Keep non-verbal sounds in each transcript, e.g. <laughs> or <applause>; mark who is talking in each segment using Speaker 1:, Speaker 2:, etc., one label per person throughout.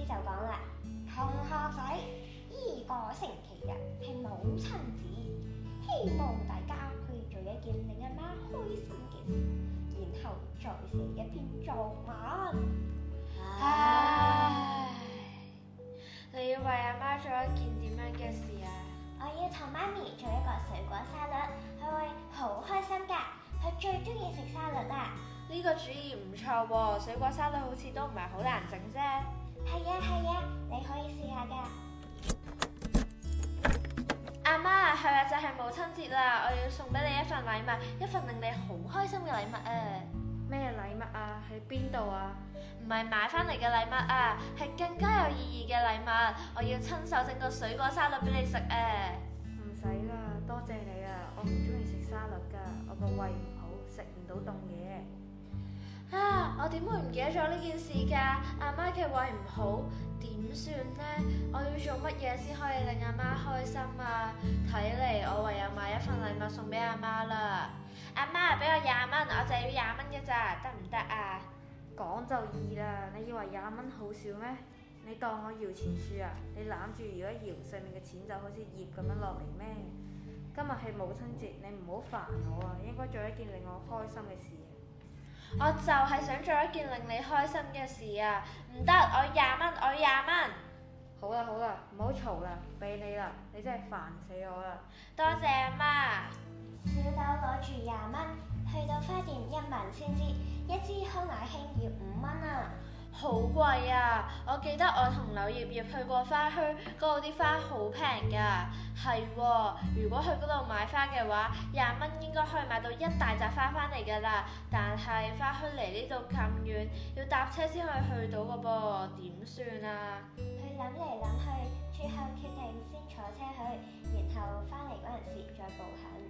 Speaker 1: 就講啦，同學仔，依個星期日係母親節，希望大家可以做一件令阿媽開心嘅事，然後再寫一篇作文。唉，唉，你要為阿媽做一件點樣嘅事啊？我要同媽咪做一個水果沙律，佢會好開心噶。佢最中意食沙律啦。呢個主意唔錯，啊，水果沙律好似都唔係好難整啫。係啊
Speaker 2: 係啊，你可以試下噶。阿媽，係啊，就係母親節啦，我要送俾你一份禮物，一份令你好開心嘅禮物啊！咩禮物啊？喺邊度啊？唔係買翻嚟嘅禮物啊，係更加有意義嘅禮物。我要親手整個水果沙律俾你食啊！唔使啦，多謝你啊！我唔中意食沙律噶，我個胃唔好，食唔到凍嘢。啊！我點會唔記得咗呢件事㗎？阿媽嘅胃唔好，點算呢？我要做乜嘢先可以令阿媽開心啊？睇嚟我唯有買一份禮物送俾阿媽啦。阿媽俾我廿蚊，我就要廿蚊嘅咋，得唔得啊？講就易啦，你以為廿蚊好少咩？你當我搖錢樹啊？你攬住搖一搖，上面嘅錢就好似葉咁樣落嚟咩？今日係母親節，你唔好煩我啊！應該做一件令我開心嘅事。我就係想做一件令你開心嘅事啊！唔得，我廿蚊，我廿蚊。好
Speaker 1: 啦好啦，唔好嘈啦，俾你啦，你真係煩死我啦！多謝阿媽、媽。小豆攞住廿蚊，去到花店一問先知，一支康乃馨要五蚊啊！好貴啊！我記得我同柳葉葉去過
Speaker 2: 花墟，嗰度啲花好平噶。係啊，如果去嗰度買花嘅話，廿蚊應該可以買到一大扎花翻嚟㗎啦。但係花墟嚟呢度咁遠，要搭車先可以去到嘅噃。點算啊？佢諗嚟
Speaker 1: 諗去，最後決定先坐車去，然後翻嚟嗰陣時再步行。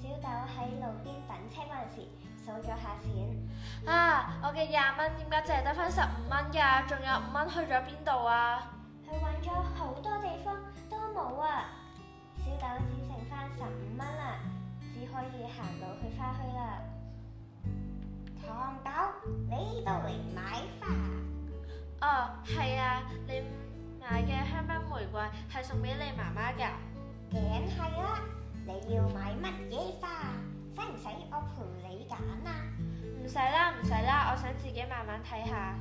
Speaker 1: 小豆喺路邊等車嗰陣時。數咗下錢啊！我嘅廿蚊點解淨係得翻十五蚊噶？
Speaker 2: 仲有五蚊去咗邊度啊？
Speaker 1: 去玩咗好多地方都冇啊！小豆只剩翻十五蚊啦，只可以行路去花墟啦。糖豆，你都嚟買花？哦、啊，係啊，你買嘅
Speaker 2: 香檳玫瑰係送俾你媽媽嘅。梗係啊，
Speaker 1: 你要買乜？唔使啦，唔使啦，我想自己慢慢睇下。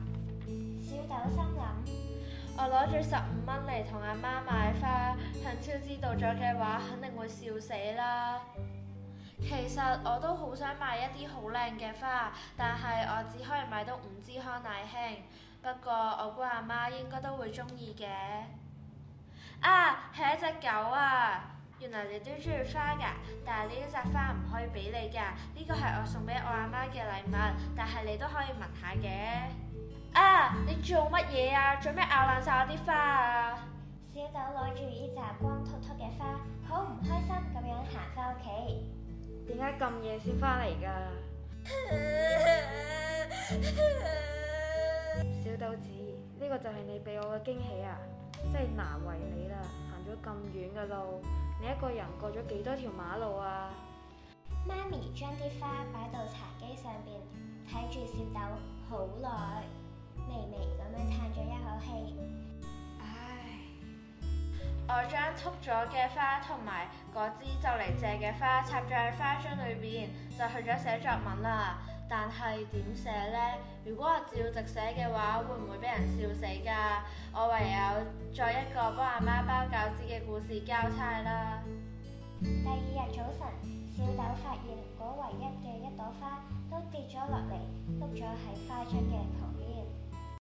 Speaker 1: 小豆心諗，
Speaker 2: 我攞住十五蚊嚟同阿媽買花，肯超知道咗嘅話肯定會笑死啦。其實我都好想買一啲好靚嘅花，但係我只可以買到五支康乃馨。不過我估阿媽應該都會中意嘅。啊，係一隻狗啊！原來你都中意花噶，但係呢扎花唔可以俾你噶，呢個係我送俾我阿媽嘅禮物，但係你都可以聞下嘅。啊！你做乜嘢啊？做咩咬爛晒我啲花
Speaker 1: 啊？小豆攞住呢扎光禿禿嘅花，好唔開心咁樣行翻屋企。
Speaker 2: 點解咁夜先翻嚟噶？ <laughs> 小豆子，呢個就係你俾我嘅驚喜啊！真係難為你啦，行咗咁遠嘅路。你一個人過咗幾多條馬路啊？
Speaker 1: 媽咪將啲花擺到茶幾上邊，睇住小豆好耐，微微咁樣嘆咗一口氣。唉，我將
Speaker 2: 束咗嘅花同埋嗰支就嚟借嘅花插在花樽裏邊，就去咗寫作文啦。但係點寫咧？如果我照直寫嘅話會唔會俾人笑死㗎？我唯有
Speaker 1: 再一個幫阿媽包餃子嘅故事交差啦。第二日早晨，小豆發現嗰唯一嘅一朵花都跌咗落嚟，碌咗喺花樽嘅